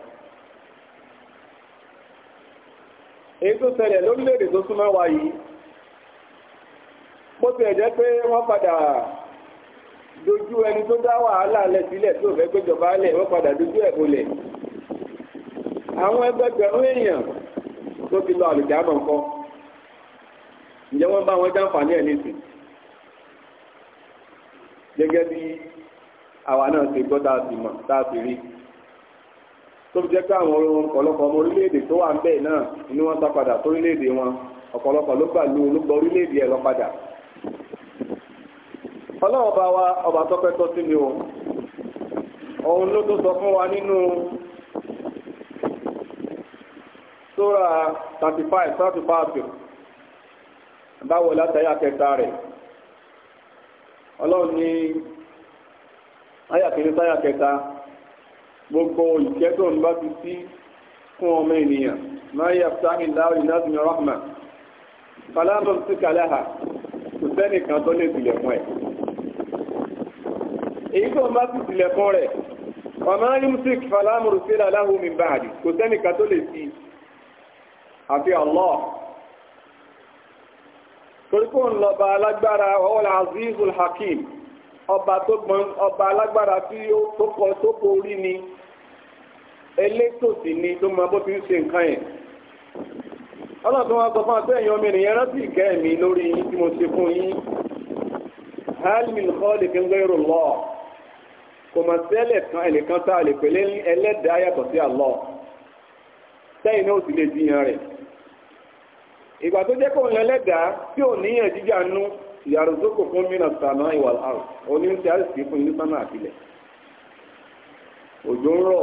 èyí tó ṣẹlẹ̀ lórílẹ̀-èdè tó súnmọ́ wa yìí bó ti ẹ̀jẹ́ pé wọ́n padà dojú ẹni tó dá wàhálà lẹ̀ sílẹ̀ tó fẹ́ gbéjọba lẹ̀ wọ́n padà dojú ẹ̀ bolẹ̀ àwọn ẹgbẹgbẹ̀rún èèyàn tó ti lọ àlùkí àmọ̀ nǹkan wọ́n bá wọn jàǹfààní ẹ̀ nísìn gẹ́gẹ́ bí àwa náà ṣe gbọ́ tá a sì mọ̀ tá a sì rí tó fi jẹ́ pé àwọn ọ̀pọ̀lọpọ̀ ọmọ orílẹ̀-èdè tó wà ń bẹ̀ náà ni wọ́n sá padà èdè wọn ọ̀pọ̀lọpọ̀ ló lu olúgbọ orílẹ̀-èdè ẹ̀ lọ padà wa ọba o òun ló sọ fún wa nínú sóra 35 sọ́tù fáàfì báwo látàrí àkẹta rẹ̀ ọlọ́run ní ayàkẹ́lẹ́ sáyà kẹta gbogbo ìkẹ́tọ̀ ń bá ti sí fún ọmọ ènìyàn máa yà sáàrin láàrin láti ní rahma falamọ́ sí kàlẹ́hà kò sẹ́nìkan tó lè tilẹ̀kùn ẹ̀ èyí tó ń bá ti tilẹ̀kùn rẹ̀ ọmọ alimsik falamọ́ sí làláhùn mi báàdì kò sẹ́nìkan tó lè ti àfi Allah torípò ń lọ bá alágbára ọwọ́lá azizul hakim ọba tó gbọ́n ọba alágbára tí ó tó kọ tó borí ni elétò sì ni tó mọ bó ti ń ṣe nǹkan yẹn ọlọ́run tó wá sọ fún àti ẹ̀yin ọmọ ènìyàn rántí ìkẹ́ mi lórí yín tí mo ṣe fún yín halmin kọ́ọ̀lì kí n gbé rò lọ kò mà sí ẹlẹ́kan ẹnìkan tá a lè pèlé ẹlẹ́dàá yàtọ̀ sí Allah sẹ́yìn náà ó sì lè jiyàn rẹ̀. ìgbà tó jẹ́ kó ń lẹ́lẹ́dàá tí ò níyàn jíjà nú ìyàrùsókò fún mìíràn sàmà ìwà àrùn àìsí fún ilé sánà àtìlẹ̀ òjò ń rọ̀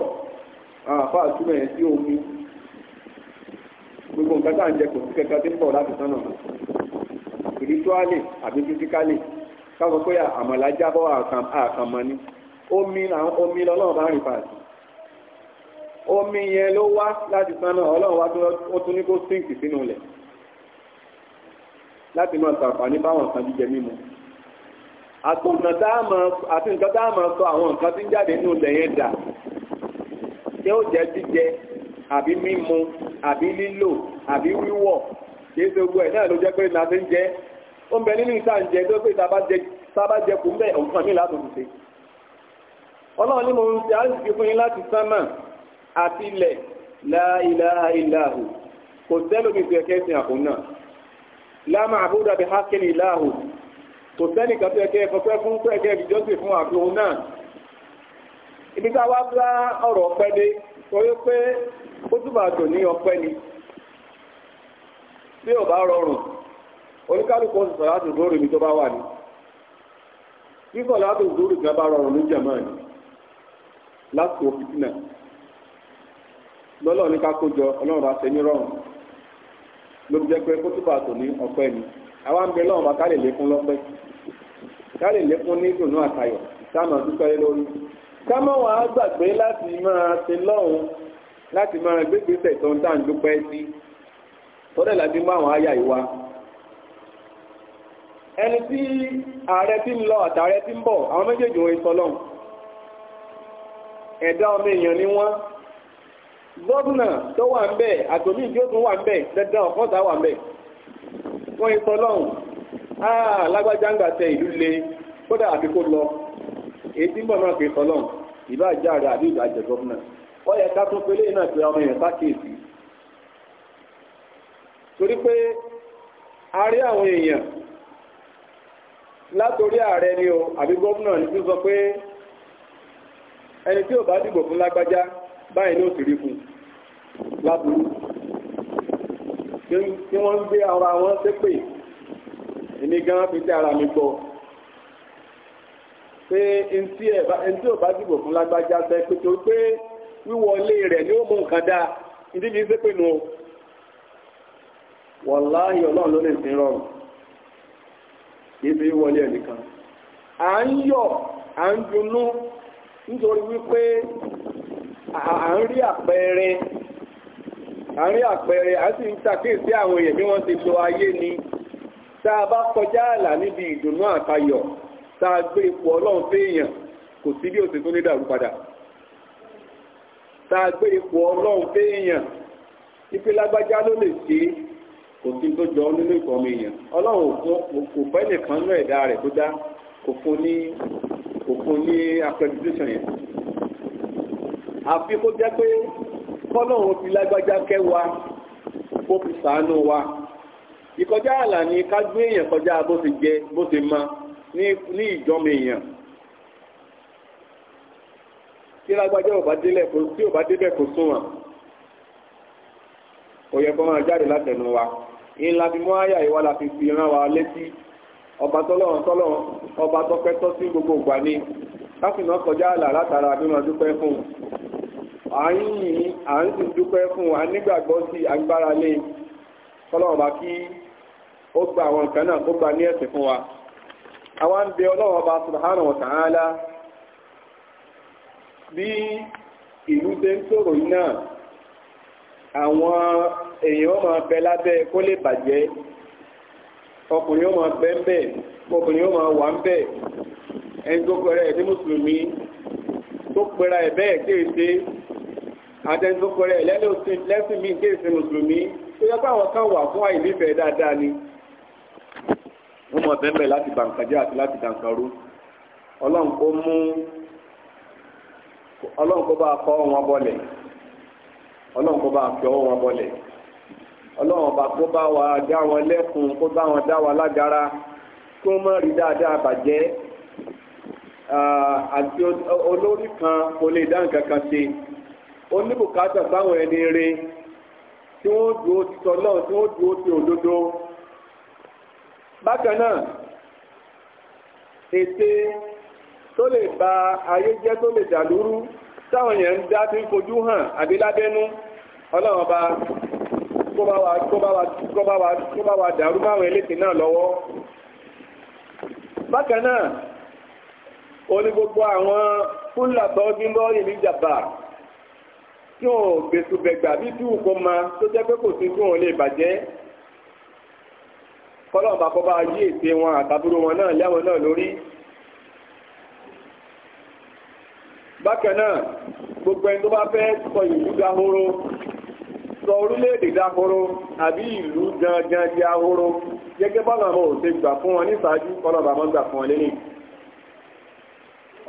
àfa àtúmọ̀ ẹ̀ sí omi gbogbo nǹkan tá à ń jẹ kò sí kẹta tí ń bọ̀ láti sánà spiritually àbí physically káwọn pé àmàlà jábọ̀ omi omi lọ́lọ́run bá rìn pàṣẹ omi yẹn ló wá láti sánà ọlọ́run láti máa ṣàǹfààní báwọn kan jíjẹ mímu àti nǹkan tá a máa sọ àwọn nǹkan tí ń jáde nínú ilẹ̀ yẹn dà tí ó jẹ́ jíjẹ àbí mímu àbí lílò àbí wíwọ̀ kìí ṣe gbogbo ẹ̀ náà ló jẹ́ pé náà fi ń jẹ ó ń bẹ nínú ìta ń jẹ tó pé sábà jẹ kù ń bẹ òǹkan mi látò tètè ọlọ́run ní mo ń ṣe àìsí fún yín láti sánmà àti ilẹ̀ la kò sẹ́lómi ìfẹ́ kẹ́sìn àkó náà láàmà àbúdà bí hákìlì láàhù kò sẹ́nì kan tó ẹ̀kẹ́ ẹ̀fọ́pẹ́ fún pẹ́ẹ̀kẹ́ ìjọsìn fún àfihàn náà ibi tá a wá bá ọ̀rọ̀ ọpẹ́ dé torí pé ó túbọ̀ àtò ní ọpẹ́ ni tí ò bá rọrùn oníkálùkù ibi tó bá wà ní ìgbà bá rọrùn ní jamani lásìkò fìtínà lọ́lọ́ ní ká kó ọlọ́run ló jẹ́ pé kó túbà tò ní ọpẹ́ ni àwa ń bẹ lọ́wọ́ bá ká lè lékún lọ́pẹ́ ká lè lékún ní ìdùnnú àtayọ̀ sáàmà dúpẹ́ lórí ká má wàá gbàgbé láti máa ti lọ́hùn láti máa gbégbèsè tó ń tàn dúpẹ́ sí tọ́lẹ̀ láti mú àwọn àyà ìwà ẹni tí ààrẹ ti ń lọ àtààrẹ ti ń bọ̀ àwọn méjèèjì wọn ìsọlọ́hùn ẹ̀dá ọmọ èèyàn ni wọ́n gọ́vùnà tó wà ń bẹ̀ àtòmí ìjókòó wà ń bẹ̀ dandan ọ̀fọ́ta wà ń bẹ̀ wọ́n ń sọ lọ́hùn lágbájá ìlú le kódà àfikò lọ èyí tí bọ̀ náà kì í ìbá rẹ̀ àbí ìbá àjẹ gọ́vùnà ó yẹ ká tún torí pé a rí àwọn èèyàn látòrí ni o àbí gọ́vùnà ni sọ pé ẹni tí ò bá fún lágbájá báyìí ní òsèré fún lábúrú tí wọ́n ń gbé ara wọn ṣépè èmi gan fi tí ara mi gbọ́ pé ntí ò bá dìbò fún lágbájá sẹ pé torí pé wíwọlé rẹ̀ ni ó mú nǹkan dáa ìdí mi ṣépè nù o wàláhì ọlọ́run ló lè sí rọrùn kìí fi wọlé ẹnìkan à ń yọ̀ à ń dunnú nítorí wípé à ń rí àpẹẹrẹ à ń rí àpẹẹrẹ à sì ń ṣàkíyèsí àwọn èèyàn bí wọ́n ti lo ayé ni tá a bá kọjá àlà níbi ìdùnnú àtayọ̀ tá a gbé ipò ọlọ́run féèyàn kò sí bí òsì tó ní dàrú padà tá a gbé ipò ọlọ́run féèyàn ipe lágbájá ló lè ṣe kò sí tó jọ nínú ìkọ̀ ọmọ èèyàn ọlọ́run kò fẹ́ nìkan náà ẹ̀dá rẹ̀ tó dá kò fún ní kò fún ní accreditation yẹn àfi kó jẹ́ pé kọ́lọ́run fi lágbájá kẹwa ó fi sàánú wa ìkọjá àlà ni ká gbé èèyàn kọjá bó ti jẹ bó ti ma ní ìjọmọ èèyàn tí lágbájá ò bá délẹ̀ tí ò bá débẹ̀ kò súnwọ̀n kò yẹ kó máa jáde látẹnu wa ńlá fi mọ́ àyà ìwà la fi fi rán wa létí ọba tọ́lọ́run tọ́lọ́run ọba tọ́pẹ́ tọ́ sí gbogbo ìgbà ni láti náà kọjá àlà látara bí wọ́n dúpẹ́ fún un à ń à ń sì dúpẹ́ fún wa nígbàgbọ́ sí agbára lé ọlọ́run bá kí ó gba àwọn nǹkan náà kó ní ẹ̀sìn fún wa àwa ń bẹ ọlọ́run ọba subhanahu bí ìlú ń sọ̀rọ̀ àwọn èèyàn lábẹ́ kó lè bàjẹ́ ọkùnrin ń bẹ̀ àtẹnudókọrẹ lẹ́sìn mí dé ìsìn mùsùlùmí tó yẹ káwọn kan wà fún àìnífẹ̀ẹ́ dáadáa ni wọ́n mọ̀ bẹ́ẹ̀ láti bàǹkàjẹ́ àti láti dàǹkàrú ọlọ́run kó mú ọlọ́run kó bá kọ́ wọn bọ́lẹ̀ ọlọ́run kó bá fi ọwọ́ wọn bọ́lẹ̀ ọlọ́run ọba kó bá wa dá wọn lẹ́kùn kó bá wọn dá wa lágara kó mọ̀ rí dáadáa bàjẹ́ àti olórí kan kò lè dá nǹkan kan ṣe. ó ní bùkátà ẹni rere tí wọ́n dúró ti tọ́lọ́ tí wọ́n dúró ti òdodo bákan ète tó lè ba ayé jẹ́ tó lè dàlúrú táwọn èèyàn ń dá tí ń fojú hàn àbí lábẹ́nú kó bá wa dàrú máwọn náà lọ́wọ́ tí wọn ò gbèsùbẹ̀gbà bí dùn kó ma tó jẹ́ pé kò sí tí wọn ò lè bàjẹ́ kọ́lọ́n bá kọ́ bá yí ète wọn àtàbúrò wọn náà lẹ́wọ̀n náà lórí. bákan náà gbogbo ẹni tó bá fẹ́ sọ ìlú dahoro sọ orílẹ̀-èdè dahoro àbí ìlú gangan di ahoro gẹ́gẹ́ bọ́lá àwọn òṣè gbà fún wọn níṣáájú kọ́lọ́n bá mọ́ gbà fún wọn lélẹ̀.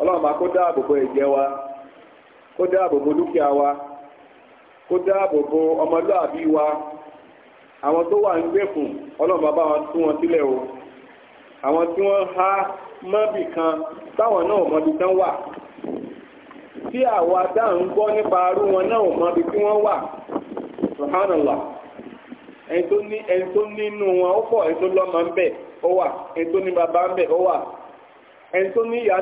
ọlọ́run kó dáàbò bo ẹ̀jẹ̀ wa kó dáàbò bo dúkìá wa kó dáàbò bo ọmọlúàbí wa àwọn tó wà ń gbèkùn ọlọ́run wọn tú wọn sílẹ̀ o àwọn tí wọ́n há mọ́bì kan táwọn náà mọbi tán wà tí àwa dá ń gbọ́ nípa arú wọn náà mọ́bì tí wọ́n wà ẹni tó nínú wọn ó pọ̀ ẹni tó lọ́mọ ń ó wà ẹni tó ní bàbá ń ó wà ẹni tó ní ìyá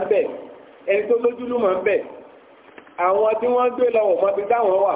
wà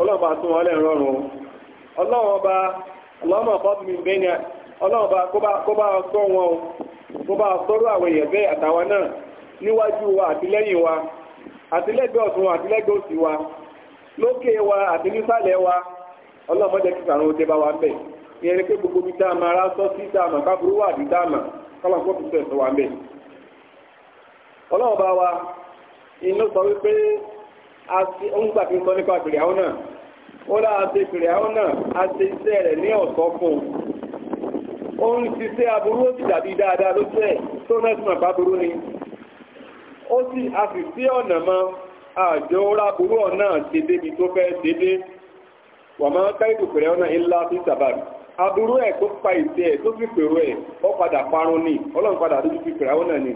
Ọlọ́ọ̀bá bá tún wọn rọrùn ọlọ́run bá ọlọ́mọ kó bá wọn o kó bá àwọn èèyàn bẹ́ẹ̀ àtàwọn náà níwájú wa àti lẹ́yìn wa àti lẹ́gbẹ̀ẹ́ ọ̀tún wa àti òsì wa lókè wa àti nísàlẹ̀ wa ọlọ́mọdé ti sàrùn òde bá wa bẹ̀ ìyẹn pé gbogbo ní àti oúnjẹ àti sọ nípa fìrì àwọn náà ó láà ṣe fìrì náà a ṣe iṣẹ́ rẹ̀ ní ọ̀sọ́ fún un ó ń ṣiṣẹ́ aburú ó sì dàbí dáadáa ló jẹ́ tó náà sì máa bá burú ni ó sì a sì sí ọ̀nà mọ́ àjọ ráburú ọ̀nà ṣe débi tó fẹ́ ṣe dé wà máa káyìdù fìrì àwọn náà ńlá sí sàbàbí aburú ẹ̀ tó pa ìṣe ẹ̀ tó fi pèrò ẹ̀ ó padà parun ni ọlọ́run padà lójú fi fìrì àwọn ni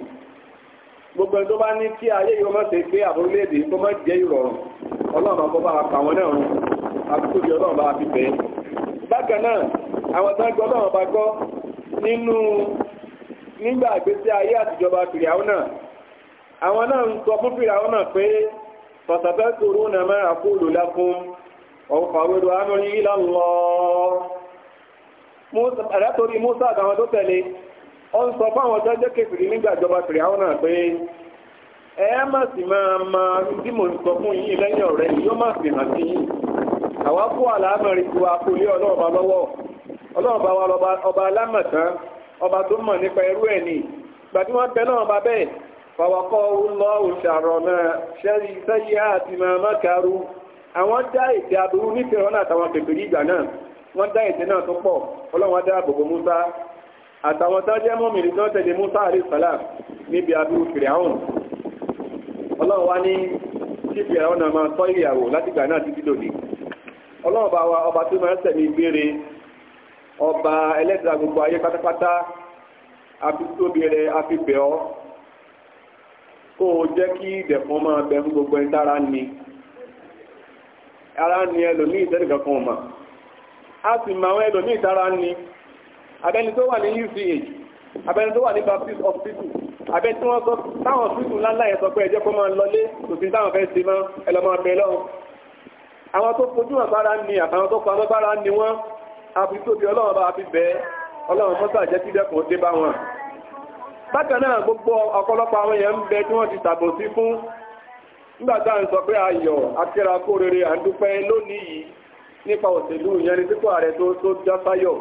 gbogbo ẹni tó bá ní kí ayé yìí ọmọ ṣe pé àbórílẹ̀-èdè tó mọ́ jẹ́ ọlọ́run bá wa náà rún àbíkóbi ọlọ́run bá fi bẹ́ẹ̀. bákan náà àwọn tó ń gbọ́ ọlọ́run bá gbọ́ nínú nígbà ayé àtijọba náà àwọn náà ń sọ fún náà pé sòrò náà máa yìí ọ ń sọ fáwọn tó jẹ́ kékeré nígbàjọba fìrìhàn náà pé ẹ má sì máa ma tí mò ń sọ fún yín lẹ́yìn ọ̀rẹ́ yìí yóò má sì hàn sí yín àwa kó àlámọ̀rin tó akólé ọlọ́ọ̀bá lọ́wọ́ ọlọ́ọ̀bá wa ọba ọba tó mọ̀ nípa irú ẹ̀ ni wọ́n bẹ náà bá bẹ́ẹ̀ náà sẹ́yí àti máa má àwọn dá ètè aburú nífẹ̀ẹ́ wọn àtàwọn ìgbà náà wọ́n dá Musa àtàwọn tó jẹ́ mọ́mìnì tó Musa alayhi salam níbi aburú Fìràhùn ọlọ́run ní kí Fìràhùn náà ma ìyàwó láti gbà náà títí dòní ọlọ́run wa ọba tó máa ń tẹ̀lé ọba ẹlẹ́dàá gbogbo ayé pátápátá kó o jẹ́ kí máa bẹ ni ara ni a sì máa abẹ́ni tó wà ní uch abẹ́ni tó wà ní baptist hospital abẹ́ tí wọ́n sọ táwọn hospital ńláńlá yẹn sọ pé ẹjẹ́ kó máa lọlé kò sí táwọn fẹ́ ṣe mọ́ ẹlọmọ abẹ lọ́wọ́ àwọn tó fojú àbára ni àtàwọn tó pamọ́ bára ni wọ́n àfi tóbi ọlọ́run bá fi bẹ́ẹ̀ ọlọ́run mọ́sà jẹ́ kí dẹ́kun dé bá wọn bákan náà gbogbo ọ̀pọ̀lọpọ̀ àwọn èèyàn ń bẹ tí wọ́n ti ṣàbòsí fún nígbàtá ń sọ pé ayọ̀ akẹ́ra kó rere à ń dúpẹ́ lónìí yìí nípa òṣèlú ìyẹnisípò ààrẹ tó já sáyọ̀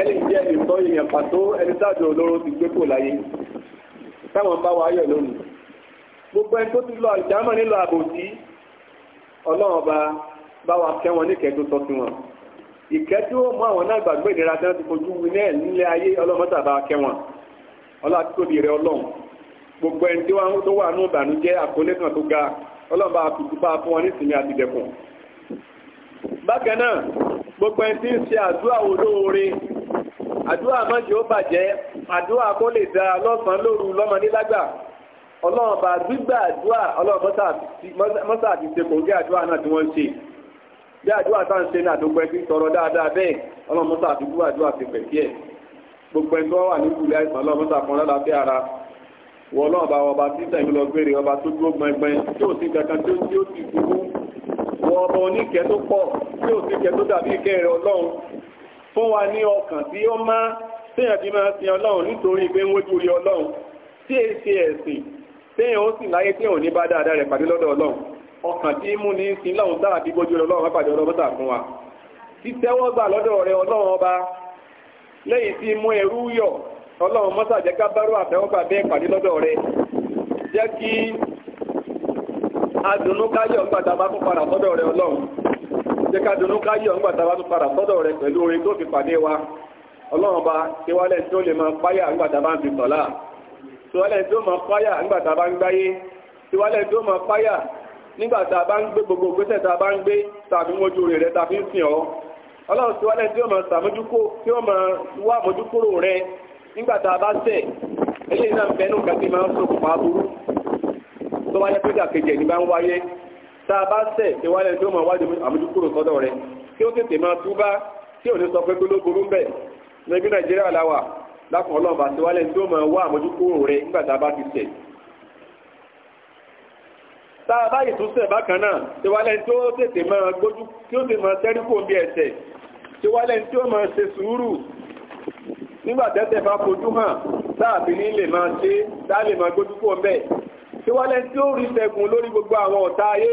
ẹni jẹ́ ìtọ́ èèyàn pàtó ẹni dájọ́ olóró ti gbé kò láyé táwọn bá wa ayọ̀ lónìí gbogbo ẹni tó ti lọ àjámọ̀ nílò àbòsí ọlọ́run ọba bá wa kẹ́ wọn níkẹ́ tó sọ sí wọn ìkẹ́ tí ó mú àwọn náà gbàgbé ìnira tí wọ́n ti fojú wí náà nílé ayé ọlọ́mọta bá kẹ́ wọn ọlọ́run tó di rẹ ọlọ́run gbogbo ẹni tó wà ní ìbànújẹ́ àkọlé kan tó ga ọlọ́run bá fi fún wọn ní ìsinmi àti ìdẹ̀kùn bákan náà gbogbo ẹni ń ṣe àdúrà olóore àdúrà mọ́jì ó bàjẹ́ àdúrà kó lè da lọ́sàn-án lóru lọ́mọ nílágbà ọlọ́run bá gbígbà àdúrà ọlọ́run gé àdúrà náà tí wọ́n ṣe bí àdúrà tá ń ṣe tọrọ dáadáa bẹ́ẹ̀ ọlọ́run àdúrà ti pẹ̀ gbogbo ẹni tó wà ní àìsàn ọlọ́run mọ́sà ara wọ ọlọ́run bá ọba ọba tó dúró tí ò sí kankan ti kú wọ ọba oníkẹ́ tó tí ò sí jẹ tó dàbí ọlọ́run fún wa ní ọkàn tí ó máa téèyàn ti máa sin ọlọ́run nítorí ń wójú tí èyí ṣe ẹ̀sìn ó sì láyé ní bá dáadáa rẹ̀ pàdé lọ́dọ̀ ọlọ́run ọkàn tí mú ní sin lọ́run dára bí gbójú rẹ̀ ọlọ́run fún wa gbà lọ́dọ̀ rẹ̀ ọlọ́run ọba lẹ́yìn tí mú ẹrú yọ̀ ọlọ́run jẹ́ pàdé lọ́dọ̀ rẹ̀ jẹ́ jẹ́ ká dunú káyọ̀ ńgbà tá bá tún padà sọ́dọ̀ pẹ̀lú orin tó fi pàdé wa ọlọ́run bá ṣe wálẹ̀ tó lè máa páyà ńgbà tá bá ń fi sọ̀lá ṣe wálẹ̀ tó máa páyà bá ń gbáyé máa páyà bá ń gbé gbogbo gbèsè tá a bá ń gbé tàbí mojú rè rẹ tàbí sìn ọ́ ọlọ́run ṣe tí ó máa tí ó máa wá rẹ tá a bá ṣẹ̀ ìwálẹ̀ tí ó máa wájú àmójúkúrò sọ́dọ̀ rẹ̀ kí ó tètè máa túbá tí ò ní sọ pé gbólógbòrú ń bẹ̀ lẹ́gbẹ́ nàìjíríà làwà lákùn ọlọ́ọ̀bà tí wálẹ̀ tí ó máa wá àmójúkúrò rẹ̀ nígbà tá a bá ti ṣẹ̀ tá a bá ìtúnṣẹ̀ bákan náà tí wálẹ̀ tí ó tètè máa gbójú tí ó sì máa tẹ́ríkò bí ẹ̀ṣẹ̀ tí wálẹ̀ tí ó máa ṣe sùúrù nígbà tẹ́tẹ̀ bá fojú hàn láàbí ní lè máa ṣe dá lè máa gbójú kó ń bẹ̀ tí ó rí ṣẹ́gun lórí gbogbo àwọn ọ̀tá ayé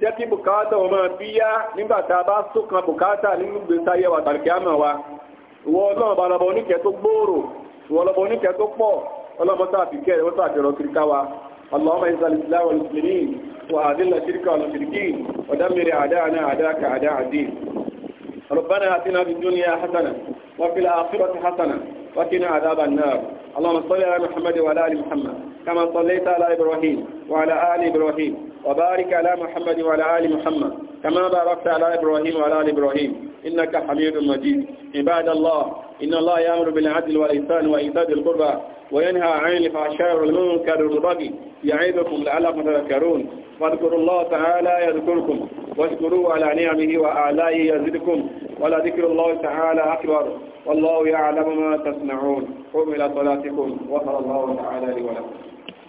jẹ́ kí bùkátà ọmọ bíyá nígbàtà bá sókan bùkátà nínú gbèsè ayé wa tàbí àmà wa ìwọ ọlọ́run balọ̀bọ̀ oníkẹ́ tó gbòòrò ìwọ ọlọ́bọ̀ oníkẹ́ tó pọ̀ ọlọ́run sáàfi kẹ́ ẹ̀rọ sáàfi rọ kiri káwa اللهم اعز الاسلام والمسلمين واذل الشرك والمشركين ودمر اعداءنا اعداءك اعداء الدين ربنا اتنا في الدنيا حسنه وفي الاخره وقنا عذاب النار اللهم صل على محمد وعلى آل محمد كما صليت على إبراهيم وعلى آل إبراهيم وبارك على محمد وعلى آل محمد كما باركت على إبراهيم وعلى آل إبراهيم إنك حميد مجيد عباد الله إن الله يأمر بالعدل والإحسان وإيتاء ذي وينهى عن الفحشاء والمنكر والبغي يعظكم لعلكم تذكرون فاذكروا الله تعالى يذكركم واشكروه على نعمه وآلائه يزدكم ولذكر الله تعالى أكبر والله يعلم ما تصنعون قوموا إلى صلاتكم وصلى الله تعالى لي ولكم